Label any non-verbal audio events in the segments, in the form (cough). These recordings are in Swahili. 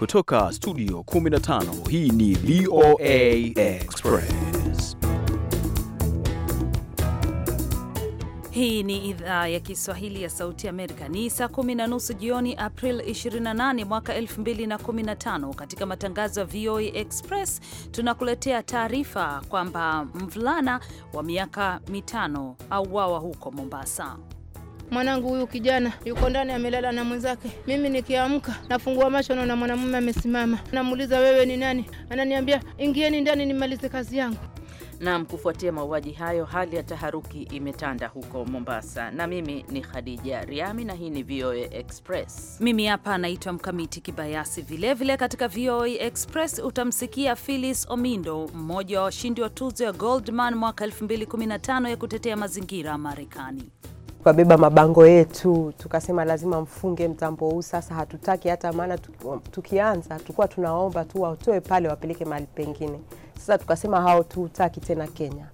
Kutoka studio 15 hii ni VOA Express. Hii ni idhaa ya Kiswahili ya Sauti Amerika. Ni saa kumi na nusu jioni, April 28 mwaka 2015. Katika matangazo ya VOA Express tunakuletea taarifa kwamba mvulana wa miaka mitano auawa huko Mombasa mwanangu huyu kijana yuko ndani amelala na mwenzake. Mimi nikiamka nafungua macho naona mwanamume amesimama, namuuliza wewe ni nani? Ananiambia ingieni ndani nimalize kazi yangu. Naam, kufuatia mauaji hayo, hali ya taharuki imetanda huko Mombasa. Na mimi ni Khadija Riami na hii ni VOA Express. Mimi hapa naitwa Mkamiti Kibayasi. Vilevile vile katika VOA Express utamsikia Phyllis Omindo, mmoja wa washindi wa tuzo ya Goldman mwaka 2015 ya kutetea mazingira Marekani tukabeba mabango yetu tukasema lazima mfunge mtambo huu. Sasa hatutaki hata, maana tukianza tulikuwa tunaomba tu watoe pale wapeleke mahali pengine. Sasa tukasema hao tutaki tena Kenya.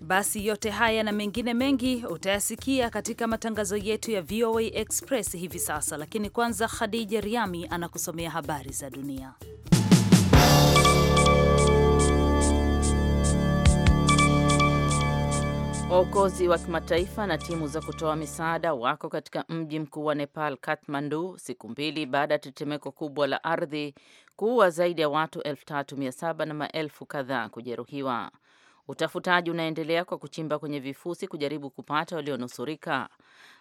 Basi yote haya na mengine mengi utayasikia katika matangazo yetu ya VOA Express hivi sasa, lakini kwanza Khadija Riami anakusomea habari za dunia. Waokozi wa kimataifa na timu za kutoa misaada wako katika mji mkuu wa Nepal, Kathmandu, siku mbili baada ya tetemeko kubwa la ardhi kuua zaidi ya watu 3700 na maelfu kadhaa kujeruhiwa. Utafutaji unaendelea kwa kuchimba kwenye vifusi kujaribu kupata walionusurika.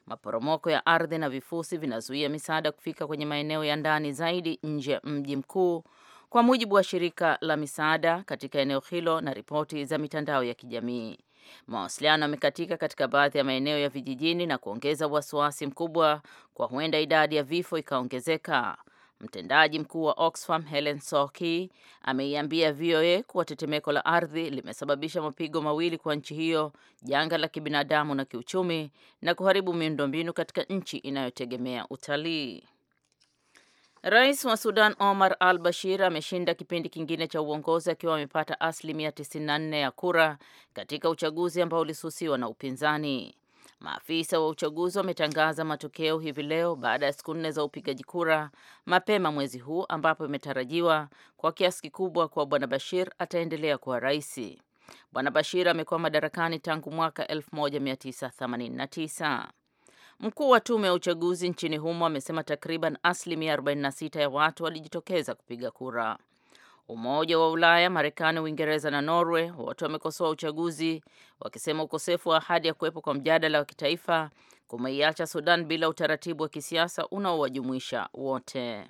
Maporomoko ya ardhi na vifusi vinazuia misaada kufika kwenye maeneo ya ndani zaidi nje ya mji mkuu, kwa mujibu wa shirika la misaada katika eneo hilo na ripoti za mitandao ya kijamii. Mawasiliano yamekatika katika baadhi ya maeneo ya vijijini na kuongeza wasiwasi mkubwa kwa huenda idadi ya vifo ikaongezeka. Mtendaji mkuu wa Oxfam Helen Soki ameiambia VOA kuwa tetemeko la ardhi limesababisha mapigo mawili kwa nchi hiyo, janga la kibinadamu na kiuchumi, na kuharibu miundombinu katika nchi inayotegemea utalii. Rais wa Sudan Omar al Bashir ameshinda kipindi kingine cha uongozi akiwa amepata asilimia 94 ya kura katika uchaguzi ambao ulisusiwa na upinzani. Maafisa wa uchaguzi wametangaza matokeo hivi leo baada ya siku nne za upigaji kura mapema mwezi huu, ambapo imetarajiwa kwa kiasi kikubwa kuwa bwana Bashir ataendelea kuwa rais. Bwana Bashir amekuwa madarakani tangu mwaka 1989. Mkuu wa tume ya uchaguzi nchini humo amesema takriban asilimia 46 ya watu walijitokeza kupiga kura. Umoja wa Ulaya, Marekani, Uingereza na Norway wote wamekosoa uchaguzi wakisema ukosefu wa ahadi ya kuwepo kwa mjadala wa kitaifa kumeiacha Sudan bila utaratibu wa kisiasa unaowajumuisha wote.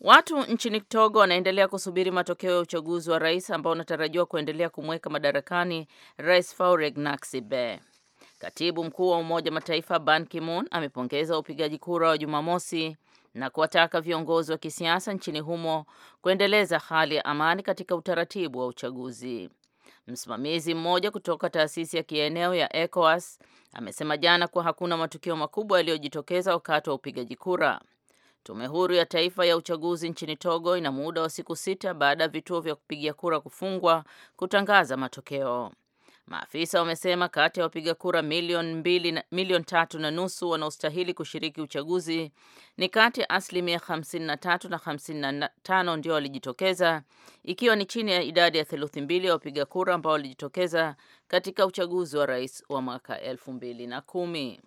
Watu nchini Togo wanaendelea kusubiri matokeo ya uchaguzi wa rais ambao unatarajiwa kuendelea kumweka madarakani Rais Faure Gnassingbe. Katibu mkuu wa Umoja Mataifa Ban Ki-moon amepongeza upigaji kura wa Jumamosi na kuwataka viongozi wa kisiasa nchini humo kuendeleza hali ya amani katika utaratibu wa uchaguzi. Msimamizi mmoja kutoka taasisi ya kieneo ya ECOWAS amesema jana kuwa hakuna matukio makubwa yaliyojitokeza wakati wa upigaji kura. Tume huru ya taifa ya uchaguzi nchini Togo ina muda wa siku sita baada ya vituo vya kupigia kura kufungwa kutangaza matokeo. Maafisa wamesema kati ya wapiga kura milioni mbili, milioni tatu na nusu wanaostahili kushiriki uchaguzi ni kati ya asilimia 53 na 55 ndio walijitokeza, ikiwa ni chini ya idadi ya theluthi mbili ya wapiga kura ambao walijitokeza katika uchaguzi wa rais wa mwaka elfu mbili na kumi.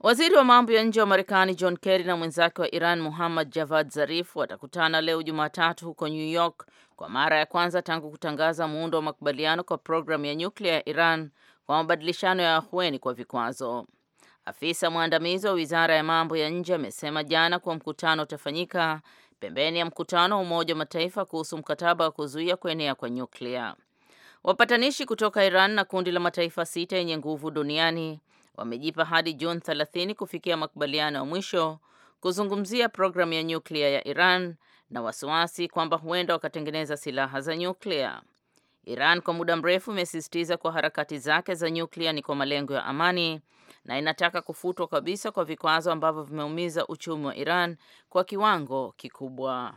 Waziri wa mambo ya nje wa Marekani John Kerry na mwenzake wa Iran Muhammad Javad Zarif watakutana leo Jumatatu huko New York kwa mara ya kwanza tangu kutangaza muundo wa makubaliano kwa programu ya nyuklia ya Iran kwa mabadilishano ya ahueni kwa vikwazo. Afisa mwandamizi wa wizara ya mambo ya nje amesema jana kuwa mkutano utafanyika pembeni ya mkutano wa Umoja wa Mataifa kuhusu mkataba wa kuzuia kuenea kwa nyuklia. Wapatanishi kutoka Iran na kundi la mataifa sita yenye nguvu duniani wamejipa hadi Juni 30 kufikia makubaliano ya mwisho kuzungumzia programu ya nyuklia ya Iran na wasiwasi kwamba huenda wakatengeneza silaha za nyuklia. Iran kwa muda mrefu imesisitiza kwa harakati zake za nyuklia ni kwa malengo ya amani na inataka kufutwa kabisa kwa vikwazo ambavyo vimeumiza uchumi wa Iran kwa kiwango kikubwa.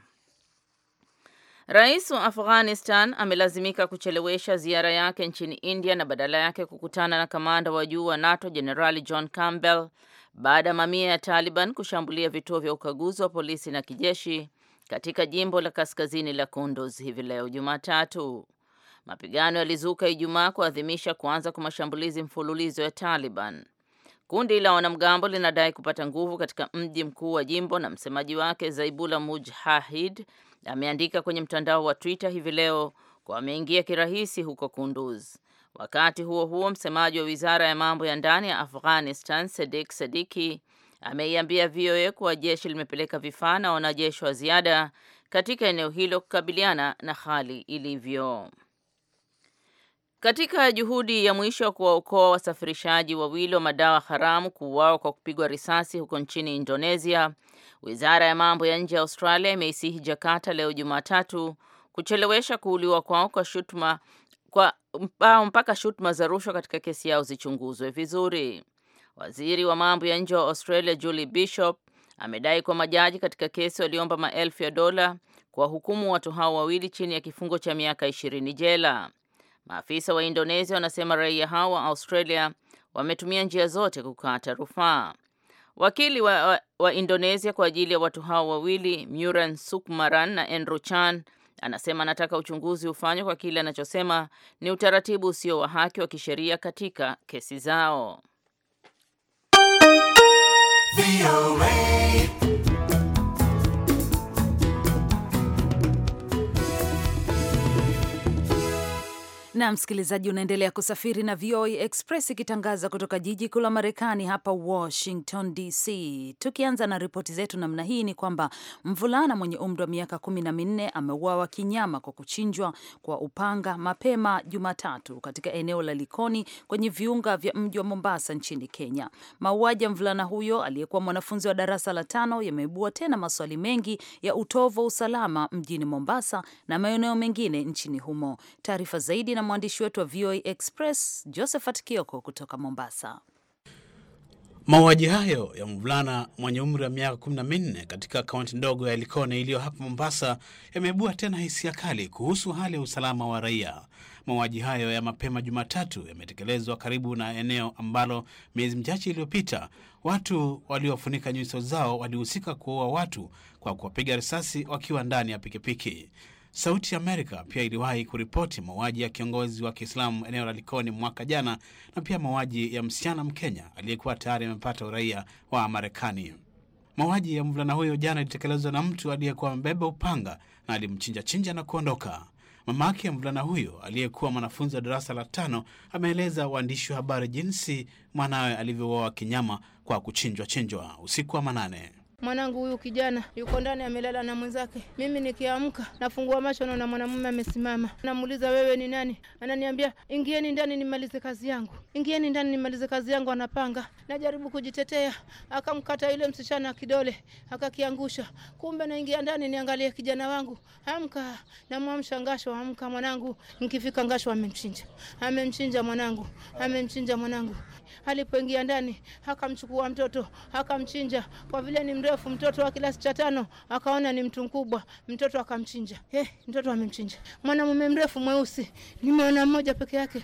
Rais wa Afghanistan amelazimika kuchelewesha ziara yake nchini India na badala yake kukutana na kamanda wa juu wa NATO Jenerali John Campbell baada ya mamia ya Taliban kushambulia vituo vya ukaguzi wa polisi na kijeshi katika jimbo la kaskazini la Kunduz hivi leo Jumatatu. Mapigano yalizuka Ijumaa kuadhimisha kuanza kwa mashambulizi mfululizo ya Taliban. Kundi la wanamgambo linadai kupata nguvu katika mji mkuu wa jimbo na msemaji wake Zaibula Mujahid ameandika kwenye mtandao wa Twitter hivi leo kwa ameingia kirahisi huko Kunduz. Wakati huo huo, msemaji wa wizara ya mambo ya ndani ya Afghanistan Sadik Sadiki ameiambia VOA kuwa jeshi limepeleka vifaa na wanajeshi wa ziada katika eneo hilo kukabiliana na hali ilivyo. Katika juhudi ya mwisho wa kuwaokoa wasafirishaji wawili wa madawa haramu kuuawa kwa kupigwa risasi huko nchini Indonesia, Wizara ya mambo ya nje ya Australia imeisihi Jakarta leo Jumatatu kuchelewesha kuuliwa kwao kwa shutuma kwa mpaka shutuma za rushwa katika kesi yao zichunguzwe vizuri. Waziri wa mambo ya nje wa Australia Julie Bishop amedai kwa majaji katika kesi waliomba maelfu ya dola kuwahukumu watu hao wawili chini ya kifungo cha miaka ishirini jela. Maafisa wa Indonesia wanasema raia hao wa Australia wametumia njia zote kukata rufaa. Wakili wa, wa, wa Indonesia kwa ajili ya watu hao wawili muran Sukmaran na Andrew Chan anasema anataka uchunguzi ufanywe kwa kile anachosema ni utaratibu usio wa haki wa kisheria katika kesi zao. Na msikilizaji, unaendelea kusafiri na VOA Express ikitangaza kutoka jiji kuu la Marekani hapa Washington DC. Tukianza na ripoti zetu namna hii, ni kwamba mvulana mwenye umri wa miaka kumi na minne ameuawa kinyama kwa kuchinjwa kwa upanga mapema Jumatatu katika eneo la Likoni kwenye viunga vya mji wa Mombasa nchini Kenya. Mauaji ya mvulana huyo aliyekuwa mwanafunzi wa darasa la tano yameibua tena maswali mengi ya utovu wa usalama mjini Mombasa na maeneo mengine nchini humo. Taarifa zaidi na mwandishi wetu wa VOA Express Josephat Kioko kutoka Mombasa. Mauaji hayo ya mvulana mwenye umri wa miaka 14 katika kaunti ndogo ya Likoni iliyo hapa Mombasa yameibua tena hisia kali kuhusu hali ya usalama wa raia. Mauaji hayo ya mapema Jumatatu yametekelezwa karibu na eneo ambalo miezi michache iliyopita watu waliofunika nyuso zao walihusika kuua watu kwa kuwapiga risasi wakiwa ndani ya pikipiki. Sauti ya Amerika pia iliwahi kuripoti mauaji ya kiongozi wa Kiislamu eneo la Likoni mwaka jana na pia mauaji ya msichana Mkenya aliyekuwa tayari amepata uraia wa Marekani. Mauaji ya mvulana huyo jana ilitekelezwa na mtu aliyekuwa amebeba upanga na alimchinjachinja na kuondoka. Mamake ya mvulana huyo aliyekuwa mwanafunzi wa darasa la tano ameeleza waandishi wa habari jinsi mwanawe alivyouawa kinyama kwa kuchinjwa chinjwa usiku wa manane mwanangu huyu kijana yuko ndani amelala na mwenzake. Mimi nikiamka nafungua macho naona mwanamume amesimama, namuuliza wewe ni nani? Ananiambia ingieni ndani nimalize kazi yangu, ingieni ndani nimalize kazi yangu. Anapanga, najaribu kujitetea, akamkata yule msichana kidole akakiangusha. Kumbe naingia ndani niangalie kijana wangu, amka, namwamsha Ngasho, amka mwanangu. Nikifika Ngasho amemchinja, amemchinja mwanangu, amemchinja mwanangu. Alipoingia ndani akamchukua mtoto akamchinja, kwa vile ni mdo mrefu, mtoto wa kilasi cha tano akaona ni mtu mkubwa, mtoto akamchinja. Eh, mtoto amemchinja. Mwanamume mrefu mweusi, mwana mmoja peke yake.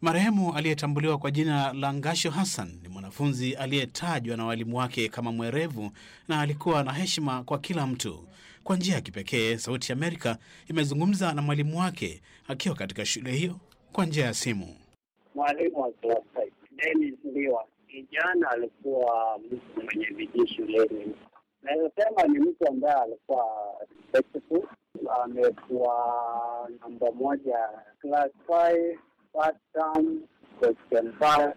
Marehemu aliyetambuliwa kwa jina la Ngasho Hassan ni mwanafunzi aliyetajwa na walimu wake kama mwerevu na alikuwa na heshima kwa kila mtu. Kwa njia ya kipekee, Sauti Amerika imezungumza na mwalimu wake akiwa katika shule hiyo kwa njia ya simu. Mwalimu wa Denis kijana alikuwa mtu mwenye bidii shuleni, naweza sema ni mtu ambaye alikuwa respectful. Amekuwa namba moja class five, first term, question five.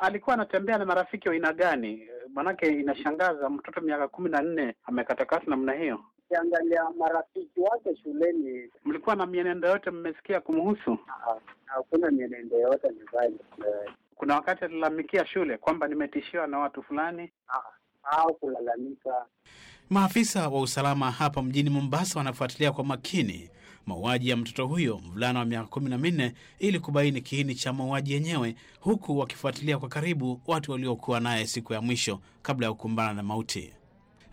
Alikuwa anatembea na marafiki wa aina gani? Manake inashangaza mtoto miaka kumi na nne amekatakata namna hiyo. Ukiangalia marafiki wake shuleni, mlikuwa na mienendo yote mmesikia kumhusu? Ah, hakuna mienendo yote mibaya kuna wakati alilalamikia shule kwamba nimetishiwa na watu fulani ah, au kulalamika. Maafisa wa usalama hapa mjini Mombasa wanafuatilia kwa makini mauaji ya mtoto huyo mvulana wa miaka kumi na minne ili kubaini kiini cha mauaji yenyewe, huku wakifuatilia kwa karibu watu waliokuwa naye siku ya mwisho kabla ya kukumbana na mauti.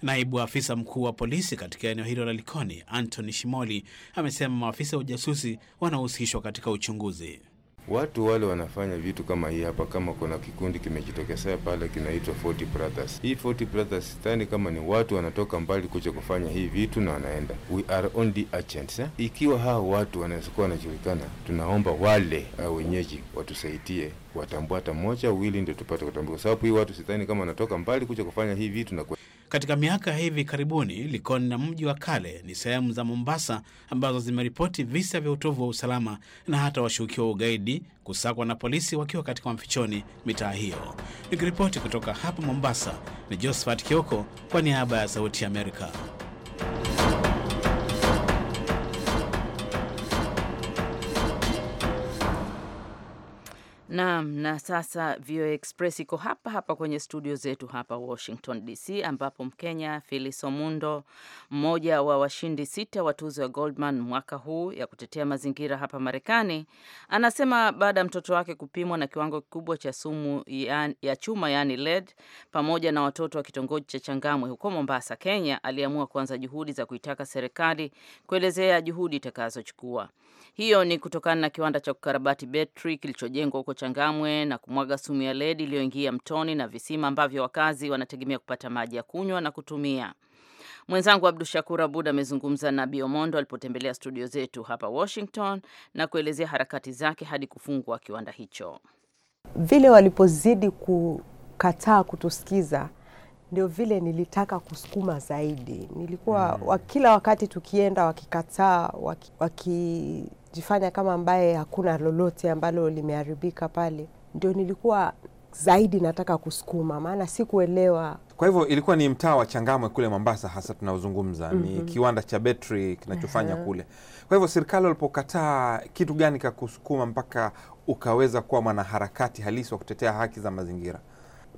Naibu afisa mkuu wa polisi katika eneo hilo la Likoni, Anthony Shimoli, amesema maafisa wa ujasusi wanahusishwa katika uchunguzi. Watu wale wanafanya vitu kama hii hapa, kama kuna kikundi kimejitokezea pale kinaitwa 40 Brothers. Hii 40 Brothers tani kama ni watu wanatoka mbali kuja kufanya hii vitu na wanaenda, we are only agents eh? Ikiwa hao watu wanaweza kuwa wanajulikana, tunaomba wale ah, wenyeji watusaidie watambua hata mmoja wili, ndio tupate kutambua, kwa sababu hii watu sitani kama wanatoka mbali kuja kufanya hii vitu na kwa katika miaka hivi karibuni, Likoni na mji wa kale ni sehemu za Mombasa ambazo zimeripoti visa vya utovu wa usalama na hata washukiwa wa ugaidi kusakwa na polisi wakiwa katika mafichoni mitaa hiyo. Nikiripoti kutoka hapa Mombasa ni Josephat Kioko kwa niaba ya Sauti ya Amerika. Naam, na sasa VOA Express iko hapa hapa kwenye studio zetu hapa Washington DC, ambapo Mkenya Phyllis Omundo, mmoja wa washindi sita wa tuzo ya Goldman mwaka huu ya kutetea mazingira hapa Marekani, anasema baada ya mtoto wake kupimwa na kiwango kikubwa cha sumu ya, yaani, ya chuma yaani lead, pamoja na watoto wa kitongoji cha Changamwe huko Mombasa, Kenya, aliamua kuanza juhudi za kuitaka serikali kuelezea juhudi itakazochukua. Hiyo ni kutokana na kiwanda cha kukarabati betri kilichojengwa huko Changamwe na kumwaga sumu ya ledi iliyoingia mtoni na visima ambavyo wakazi wanategemea kupata maji ya kunywa na kutumia. Mwenzangu Abdu Shakur Abud amezungumza na Biomondo alipotembelea studio zetu hapa Washington na kuelezea harakati zake hadi kufungwa kiwanda hicho. Vile walipozidi kukataa kutusikiza, ndio vile nilitaka kusukuma zaidi. Nilikuwa hmm. kila wakati tukienda, wakikataa, waki, waki jifanya kama ambaye hakuna lolote ambalo limeharibika pale, ndio nilikuwa zaidi nataka kusukuma, maana sikuelewa. Kwa hivyo ilikuwa ni mtaa wa Changamwe kule Mombasa hasa tunaozungumza, mm -hmm. ni mhm. kiwanda cha betri kinachofanya uh -huh. kule. Kwa hivyo serikali walipokataa, kitu gani kakusukuma mpaka ukaweza kuwa mwanaharakati halisi wa kutetea haki za mazingira?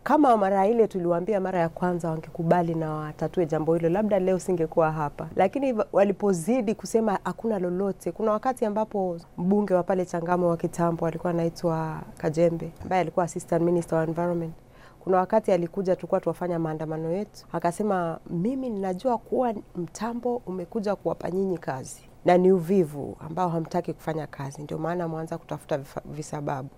kama mara ile tuliwaambia mara ya kwanza wangekubali na watatue jambo hilo, labda leo singekuwa hapa. Lakini walipozidi kusema hakuna lolote, kuna wakati ambapo mbunge wa pale Changamwe wa kitambo alikuwa anaitwa Kajembe ambaye alikuwa assistant minister wa environment kuna wakati alikuja, tulikuwa tuwafanya maandamano yetu, akasema mimi ninajua kuwa mtambo umekuja kuwapa nyinyi kazi na ni uvivu ambao hamtaki kufanya kazi, ndio maana mwanza kutafuta visababu.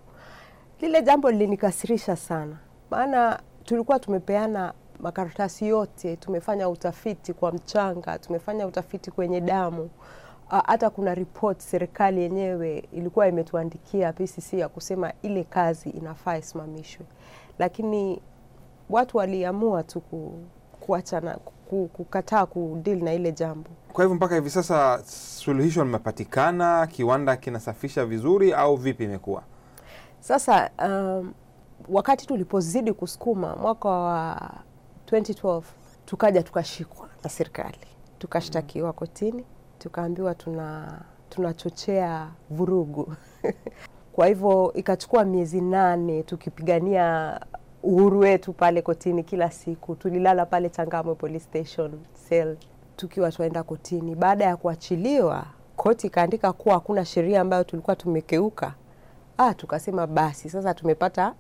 Lile jambo lilinikasirisha sana maana tulikuwa tumepeana makaratasi yote, tumefanya utafiti kwa mchanga, tumefanya utafiti kwenye damu. Hata kuna report serikali yenyewe ilikuwa imetuandikia PCC ya kusema ile kazi inafaa isimamishwe, lakini watu waliamua tu kuachana, kukataa kudili na ile jambo. Kwa hivyo mpaka hivi sasa suluhisho limepatikana, kiwanda kinasafisha vizuri au vipi imekuwa sasa? um, wakati tulipozidi kusukuma mwaka wa 2012 tukaja tukashikwa na serikali tukashtakiwa mm. kotini, tukaambiwa tuna tunachochea vurugu (laughs) kwa hivyo ikachukua miezi nane tukipigania uhuru wetu pale kotini. Kila siku tulilala pale Changamwe police station cell tukiwa twaenda kotini. Baada ya kuachiliwa, koti ikaandika kuwa hakuna sheria ambayo tulikuwa tumekeuka. Ah, tukasema basi sasa tumepata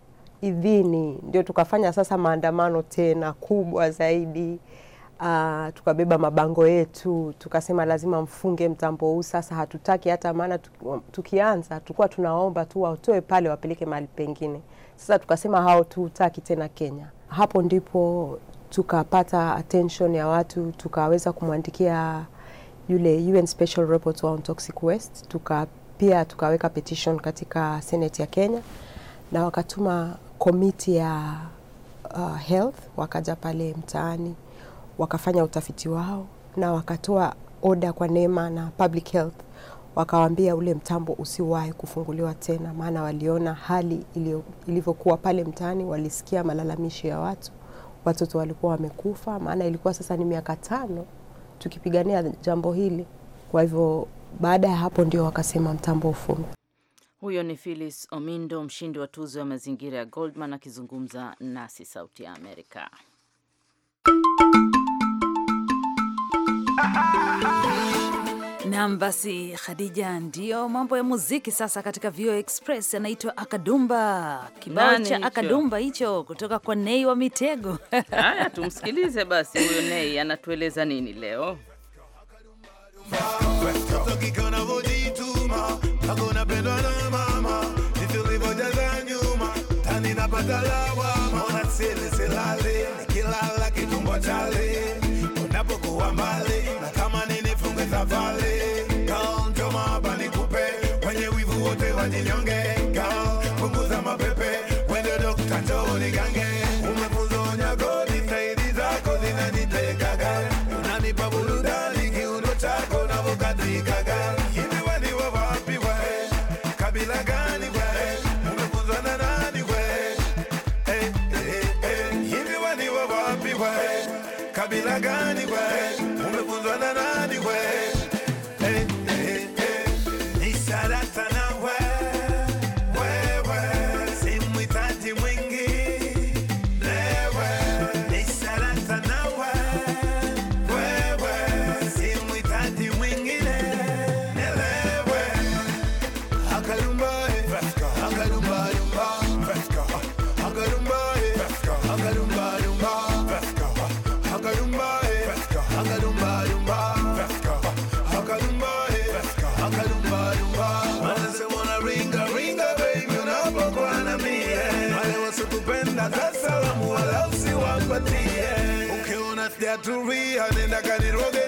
idhini, ndio tukafanya sasa maandamano tena kubwa zaidi. Uh, tukabeba mabango yetu tukasema lazima mfunge mtambo huu sasa, hatutaki hata maana tukianza tulikuwa tunaomba tu watoe pale wapeleke mahali pengine. Sasa tukasema hao tuutaki tena Kenya. Hapo ndipo tukapata attention ya watu, tukaweza kumwandikia yule UN Special Rapporteur on Toxic Waste, tuka pia tukaweka petition katika Senate ya Kenya na wakatuma komiti ya uh, health wakaja pale mtaani wakafanya utafiti wao na wakatoa oda kwa Neema na public health wakawaambia ule mtambo usiwahi kufunguliwa tena, maana waliona hali ilivyokuwa pale mtaani, walisikia malalamishi ya watu, watoto walikuwa wamekufa, maana ilikuwa sasa ni miaka tano tukipigania jambo hili. Kwa hivyo baada ya hapo ndio wakasema mtambo ufungwe. Huyo ni Phyllis Omindo, mshindi wa tuzo ya mazingira ya Goldman, akizungumza nasi Sauti ya Amerika. Nam basi, Khadija, ndiyo mambo ya muziki sasa katika VOA Express. Anaitwa Akadumba, kibao cha Akadumba hicho kutoka kwa Nei wa Mitego. (laughs) Haya, tumsikilize basi, huyo Nei anatueleza nini leo. hakuna pendwa na mama, nitulivoja za nyuma, tani napata lawama, ona sili silali, nikilala kitumbo chali, unapokuwa mbali, na kama ninifunge safari, kaonjoma hapa nikupe, wenye wivu wote wajinyonge to be and then I got it rugged.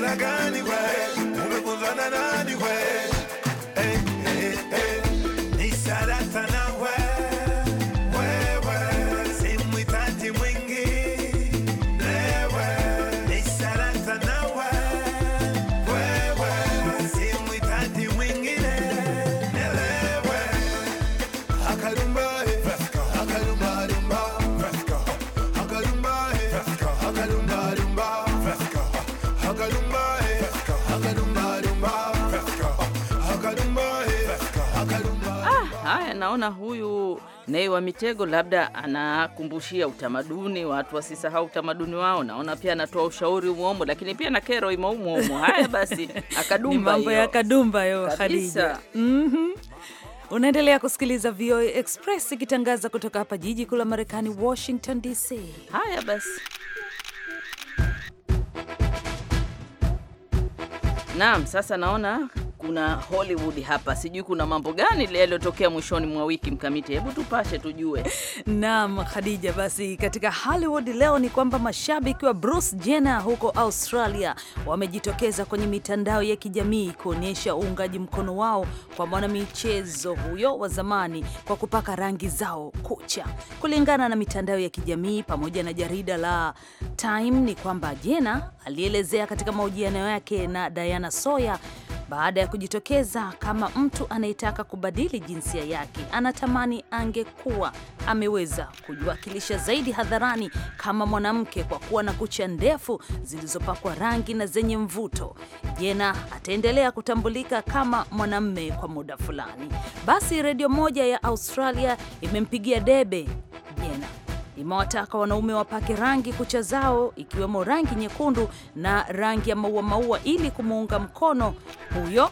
like I Nei wa Mitego labda anakumbushia utamaduni, watu wasisahau utamaduni wao. Naona pia anatoa ushauri umomo, lakini pia na kero imo umo Haya basi, (laughs) akadumba mambo ya kadumba yo Khadija. Mhm. Unaendelea kusikiliza VOA Express ikitangaza kutoka hapa jiji kuu la Marekani, Washington DC. Haya basi. Naam, sasa naona kuna Hollywood hapa, sijui kuna mambo gani yaliyotokea mwishoni mwa wiki. Mkamiti, hebu tupashe tujue. Naam Khadija, basi katika Hollywood leo ni kwamba mashabiki wa Bruce Jenner huko Australia wamejitokeza kwenye mitandao ya kijamii kuonyesha uungaji mkono wao kwa mwanamichezo huyo wa zamani kwa kupaka rangi zao kucha. Kulingana na mitandao ya kijamii pamoja na jarida la Time, ni kwamba Jenner alielezea katika mahojiano yake na Diana Sawyer baada ya kujitokeza kama mtu anayetaka kubadili jinsia yake. Anatamani angekuwa ameweza kujiwakilisha zaidi hadharani kama mwanamke kwa kuwa na kucha ndefu zilizopakwa rangi na zenye mvuto. Jena ataendelea kutambulika kama mwanamme kwa muda fulani. Basi redio moja ya Australia imempigia debe imewataka wanaume wapake rangi kucha zao ikiwemo rangi nyekundu na rangi ya maua maua ili kumuunga mkono huyo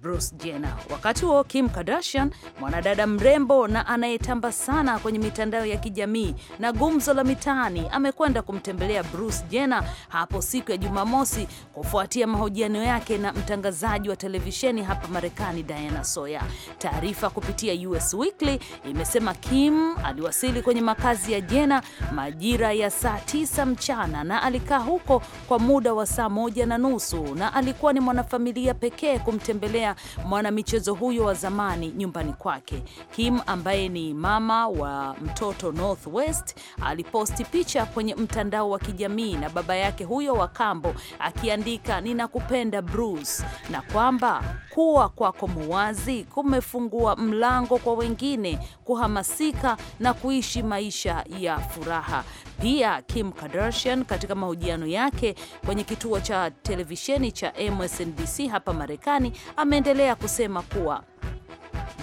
Bruce Jenner. Wakati huo Kim Kardashian, mwanadada mrembo na anayetamba sana kwenye mitandao ya kijamii na gumzo la mitaani, amekwenda kumtembelea Bruce Jenner hapo siku ya Jumamosi kufuatia mahojiano yake na mtangazaji wa televisheni hapa Marekani Diana Sawyer. Taarifa kupitia US Weekly imesema Kim aliwasili kwenye makazi ya Jenner majira ya saa tisa mchana na alikaa huko kwa muda wa saa moja na nusu na alikuwa ni mwanafamilia pekee kumtembelea mwanamichezo huyo wa zamani nyumbani kwake. Kim ambaye ni mama wa mtoto Northwest aliposti picha kwenye mtandao wa kijamii na baba yake huyo wa kambo akiandika, ninakupenda Bruce, na kwamba kuwa kwako muwazi kumefungua mlango kwa wengine kuhamasika na kuishi maisha ya furaha. Pia Kim Kardashian katika mahojiano yake kwenye kituo cha televisheni cha MSNBC hapa Marekani ame Anaendelea kusema kuwa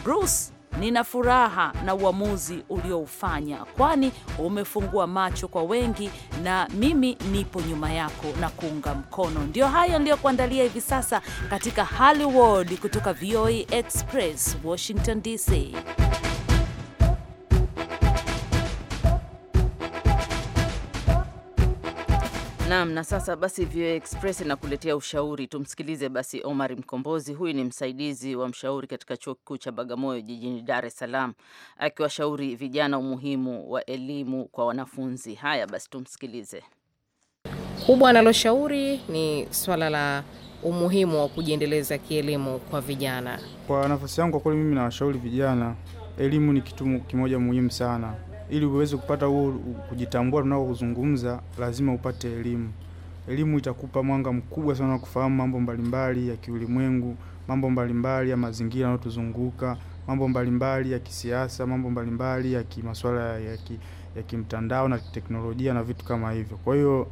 Bruce, nina furaha na uamuzi ulioufanya, kwani umefungua macho kwa wengi, na mimi nipo nyuma yako na kuunga mkono. Ndiyo hayo niliyokuandalia hivi sasa katika Hollywood kutoka VOA Express Washington DC. Naam, na sasa basi VOA Express inakuletea ushauri. Tumsikilize basi Omar Mkombozi, huyu ni msaidizi wa mshauri katika chuo kikuu cha Bagamoyo jijini Dar es Salaam, akiwashauri vijana umuhimu wa elimu kwa wanafunzi. Haya basi tumsikilize. Kubwa analoshauri ni swala la umuhimu wa kujiendeleza kielimu kwa vijana. Kwa nafasi yangu, kwa kweli mimi nawashauri vijana, elimu ni kitu kimoja muhimu sana ili uweze kupata huo kujitambua tunaozungumza, lazima upate elimu. Elimu itakupa mwanga mkubwa sana wa kufahamu mambo mbalimbali ya kiulimwengu, mambo mbalimbali ya mazingira yanayotuzunguka, mambo mbalimbali ya kisiasa, mambo mbalimbali ya kimasuala ya, ki, ya kimtandao na teknolojia na vitu kama hivyo. Kwa hiyo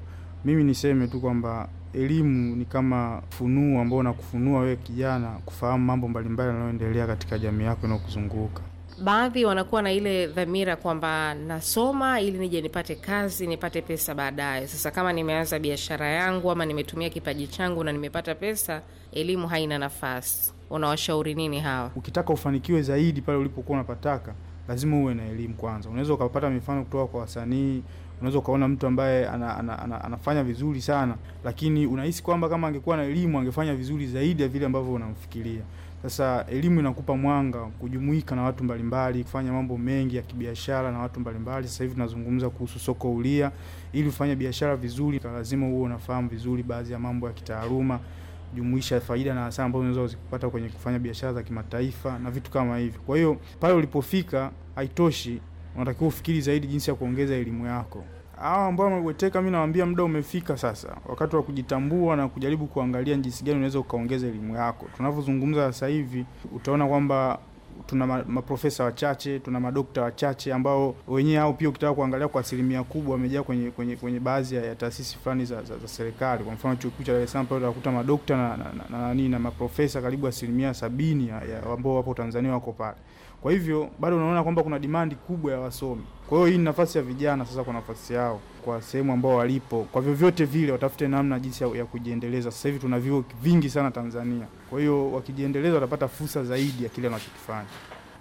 mimi niseme tu kwamba elimu ni kama funuo ambao unakufunua wewe kijana kufahamu mambo mbalimbali yanayoendelea katika jamii yako inayokuzunguka baadhi wanakuwa na ile dhamira kwamba nasoma ili nije nipate kazi nipate pesa baadaye. Sasa kama nimeanza biashara yangu ama nimetumia kipaji changu na nimepata pesa, elimu haina nafasi. Unawashauri nini hawa? Ukitaka ufanikiwe zaidi pale ulipokuwa unapataka, lazima uwe na elimu kwanza. Unaweza ukapata mifano kutoka kwa wasanii unaweza ukaona mtu ambaye ana, ana, ana, anafanya vizuri sana, lakini unahisi kwamba kama angekuwa na elimu angefanya vizuri zaidi ya vile ambavyo unamfikiria. Sasa elimu inakupa mwanga kujumuika na watu mbalimbali, kufanya mambo mengi ya kibiashara na watu mbalimbali. Sasa hivi tunazungumza kuhusu soko ulia Ili ufanye biashara vizuri, lazima uwe unafahamu vizuri baadhi ya mambo ya kitaaluma, jumuisha faida na hasara ambazo unaweza kuzipata kwenye kufanya biashara za kimataifa na vitu kama hivyo. Kwa hiyo pale ulipofika haitoshi, unatakiwa ufikiri zaidi jinsi ya kuongeza elimu yako hawa ambao wamebweteka, mi nawaambia muda umefika sasa, wakati wa kujitambua na kujaribu kuangalia jinsi gani unaweza ukaongeza elimu yako. Tunavyozungumza sasa hivi, utaona kwamba tuna maprofesa wachache, tuna madokta wachache ambao wenyewe hao pia ukitaka kuangalia kwa asilimia kubwa wamejaa kwenye, kwenye, kwenye baadhi ya taasisi fulani za, za, za serikali. Kwa mfano chuo kikuu cha Dar pale utakuta madokta na, na, na, na, na maprofesa karibu asilimia sabini ambao wapo Tanzania wako pale. Kwa hivyo bado unaona kwamba kuna dimandi kubwa ya wasomi kwa hiyo hii ni nafasi ya vijana sasa, kwa nafasi yao, kwa sehemu ambao walipo, kwa vyovyote vile watafute namna jinsi ya, ya kujiendeleza. Sasa hivi tuna vyuo vingi sana Tanzania, kwa hiyo wakijiendeleza watapata fursa zaidi ya kile wanachokifanya.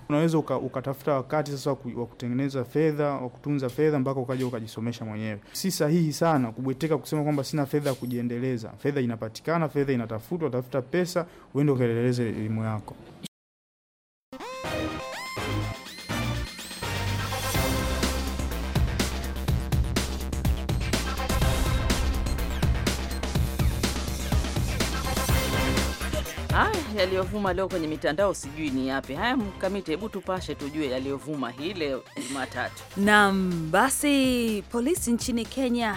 Unaweza uka, ukatafuta wakati sasa wa kutengeneza fedha wa kutunza fedha mpaka ukaja ukajisomesha mwenyewe. Si sahihi sana kubweteka kusema kwamba sina fedha ya kujiendeleza. Fedha inapatikana, fedha inatafutwa, tafuta pesa uende ukaendeleze elimu yako. yaliyovuma leo kwenye mitandao sijui ni yapi. Haya, Mkamiti, hebu tupashe tujue yaliyovuma hii leo Jumatatu. Naam, basi polisi nchini Kenya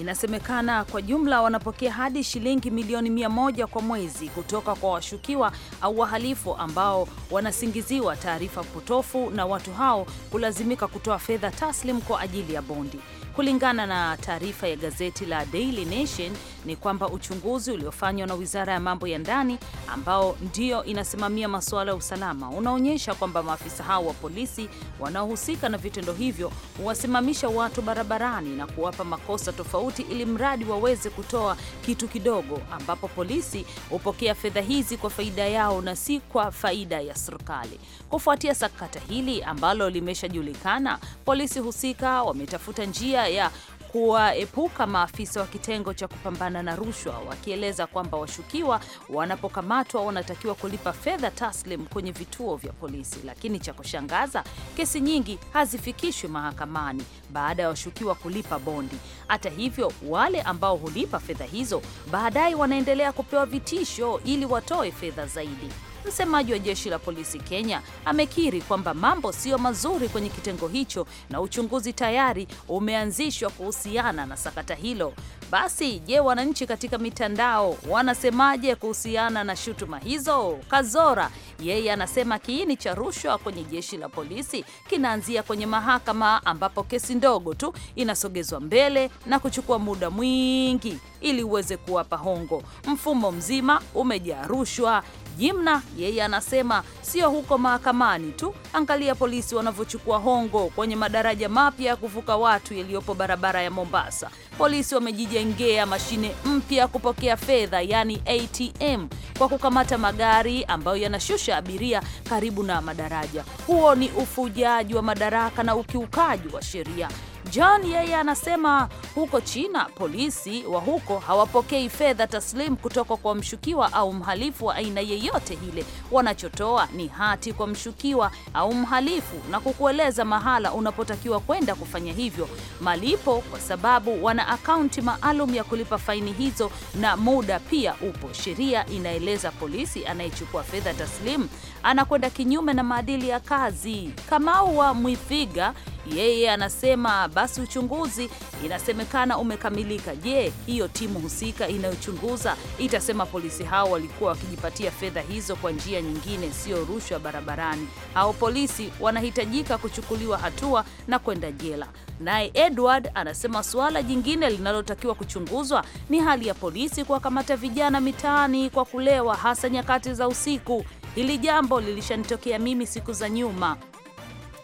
inasemekana kwa jumla wanapokea hadi shilingi milioni mia moja kwa mwezi kutoka kwa washukiwa au wahalifu ambao wanasingiziwa taarifa potofu, na watu hao kulazimika kutoa fedha taslim kwa ajili ya bondi. Kulingana na taarifa ya gazeti la Daily Nation ni kwamba uchunguzi uliofanywa na Wizara ya Mambo ya Ndani ambao ndio inasimamia masuala ya usalama unaonyesha kwamba maafisa hao wa polisi wanaohusika na vitendo hivyo huwasimamisha watu barabarani na kuwapa makosa tofauti ili mradi waweze kutoa kitu kidogo, ambapo polisi hupokea fedha hizi kwa faida yao na si kwa faida ya serikali. Kufuatia sakata hili ambalo limeshajulikana, polisi husika wametafuta njia ya kuwaepuka maafisa wa kitengo cha kupambana na rushwa, wakieleza kwamba washukiwa wanapokamatwa wanatakiwa kulipa fedha taslim kwenye vituo vya polisi. Lakini cha kushangaza, kesi nyingi hazifikishwi mahakamani baada ya washukiwa kulipa bondi. Hata hivyo, wale ambao hulipa fedha hizo baadaye wanaendelea kupewa vitisho ili watoe fedha zaidi. Msemaji wa jeshi la polisi Kenya amekiri kwamba mambo sio mazuri kwenye kitengo hicho na uchunguzi tayari umeanzishwa kuhusiana na sakata hilo. Basi je, wananchi katika mitandao wanasemaje kuhusiana na shutuma hizo? Kazora yeye anasema kiini cha rushwa kwenye jeshi la polisi kinaanzia kwenye mahakama ambapo kesi ndogo tu inasogezwa mbele na kuchukua muda mwingi ili uweze kuwapa hongo. Mfumo mzima umejaa rushwa, Jimna yeye anasema sio huko mahakamani tu, angalia polisi wanavyochukua hongo kwenye madaraja mapya ya kuvuka watu yaliyopo barabara ya Mombasa. Polisi wamejijengea mashine mpya ya kupokea fedha, yani ATM, kwa kukamata magari ambayo yanashusha abiria karibu na madaraja. Huo ni ufujaji wa madaraka na ukiukaji wa sheria. John yeye anasema huko China, polisi wa huko hawapokei fedha taslimu kutoka kwa mshukiwa au mhalifu wa aina yeyote ile. Wanachotoa ni hati kwa mshukiwa au mhalifu na kukueleza mahala unapotakiwa kwenda kufanya hivyo, malipo, kwa sababu wana akaunti maalum ya kulipa faini hizo na muda pia upo. Sheria inaeleza polisi anayechukua fedha taslimu anakwenda kinyume na maadili ya kazi. Kamau wa Mwifiga yeye anasema basi uchunguzi inasema unaonekana umekamilika. Je, hiyo timu husika inayochunguza itasema polisi hao walikuwa wakijipatia fedha hizo kwa njia nyingine, sio rushwa barabarani? Hao polisi wanahitajika kuchukuliwa hatua na kwenda jela. Naye Edward anasema suala jingine linalotakiwa kuchunguzwa ni hali ya polisi kuwakamata vijana mitaani kwa kulewa, hasa nyakati za usiku. Hili jambo lilishanitokea mimi siku za nyuma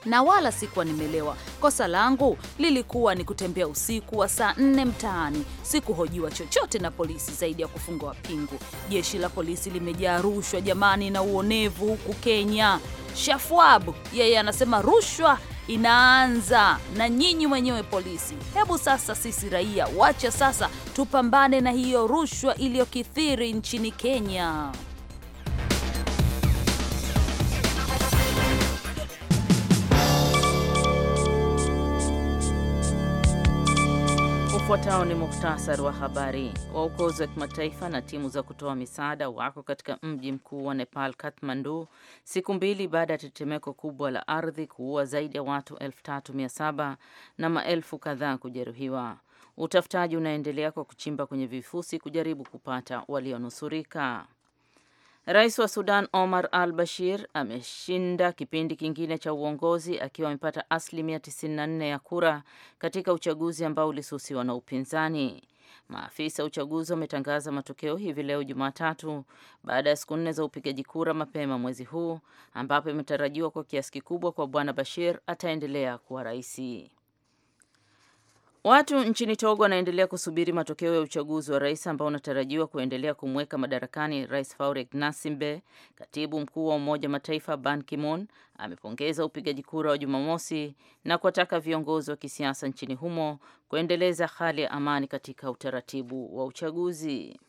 na wala sikuwa nimelewa. Kosa langu lilikuwa ni kutembea usiku wa saa nne mtaani. Sikuhojiwa chochote na polisi zaidi ya kufungwa pingu. Jeshi la polisi limejaa rushwa jamani, na uonevu huku Kenya. Shafuab yeye anasema rushwa inaanza na nyinyi mwenyewe polisi. Hebu sasa sisi raia, wacha sasa tupambane na hiyo rushwa iliyokithiri nchini Kenya. Ufuatao ni muktasari wa habari. Waokozi wa kimataifa na timu za kutoa misaada wako katika mji mkuu wa Nepal, Kathmandu, siku mbili baada ya tetemeko kubwa la ardhi kuua zaidi ya watu 3700 na maelfu kadhaa kujeruhiwa. Utafutaji unaendelea kwa kuchimba kwenye vifusi kujaribu kupata walionusurika. Rais wa Sudan Omar al Bashir ameshinda kipindi kingine cha uongozi akiwa amepata asilimia 94 ya kura katika uchaguzi ambao ulisusiwa na upinzani. Maafisa uchaguzi wametangaza matokeo hivi leo Jumatatu, baada ya siku nne za upigaji kura mapema mwezi huu, ambapo imetarajiwa kwa kiasi kikubwa kwa bwana Bashir ataendelea kuwa raisi. Watu nchini Togo wanaendelea kusubiri matokeo ya uchaguzi wa rais ambao unatarajiwa kuendelea kumweka madarakani Rais Faure Gnassingbe. Katibu mkuu wa Umoja Mataifa Ban Ki-moon amepongeza upigaji kura wa Jumamosi na kuwataka viongozi wa kisiasa nchini humo kuendeleza hali ya amani katika utaratibu wa uchaguzi.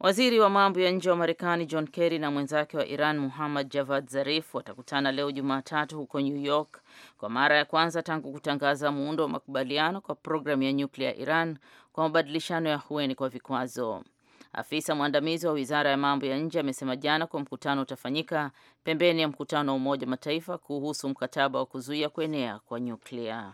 Waziri wa mambo ya nje wa Marekani John Kerry na mwenzake wa Iran Muhammad Javad Zarif watakutana leo Jumatatu huko New York kwa mara ya kwanza tangu kutangaza muundo wa makubaliano kwa programu ya nyuklia ya Iran kwa mabadilishano ya hueni kwa vikwazo. Afisa mwandamizi wa wizara ya mambo ya nje amesema jana kuwa mkutano utafanyika pembeni ya mkutano wa Umoja Mataifa kuhusu mkataba wa kuzuia kuenea kwa nyuklia.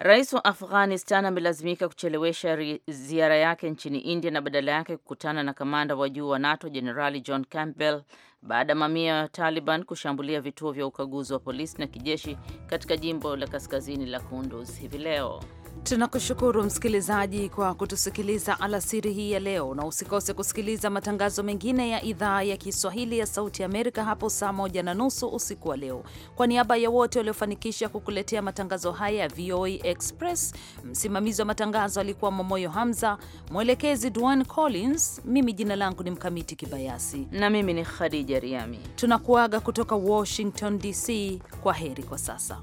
Rais wa Afghanistan amelazimika kuchelewesha ziara yake nchini India na badala yake kukutana na kamanda wa juu wa NATO Jenerali John Campbell baada ya mamia ya Taliban kushambulia vituo vya ukaguzi wa polisi na kijeshi katika jimbo la kaskazini la Kunduz hivi leo. Tunakushukuru msikilizaji kwa kutusikiliza alasiri hii ya leo, na usikose kusikiliza matangazo mengine ya idhaa ya Kiswahili ya Sauti Amerika hapo saa moja na nusu usiku wa leo. Kwa niaba ya wote waliofanikisha kukuletea matangazo haya ya VOA Express, msimamizi wa matangazo alikuwa Momoyo Hamza, mwelekezi Dwan Collins. Mimi jina langu ni Mkamiti Kibayasi na mimi ni Khadija Riami. Tunakuaga kutoka Washington DC. Kwa heri kwa sasa.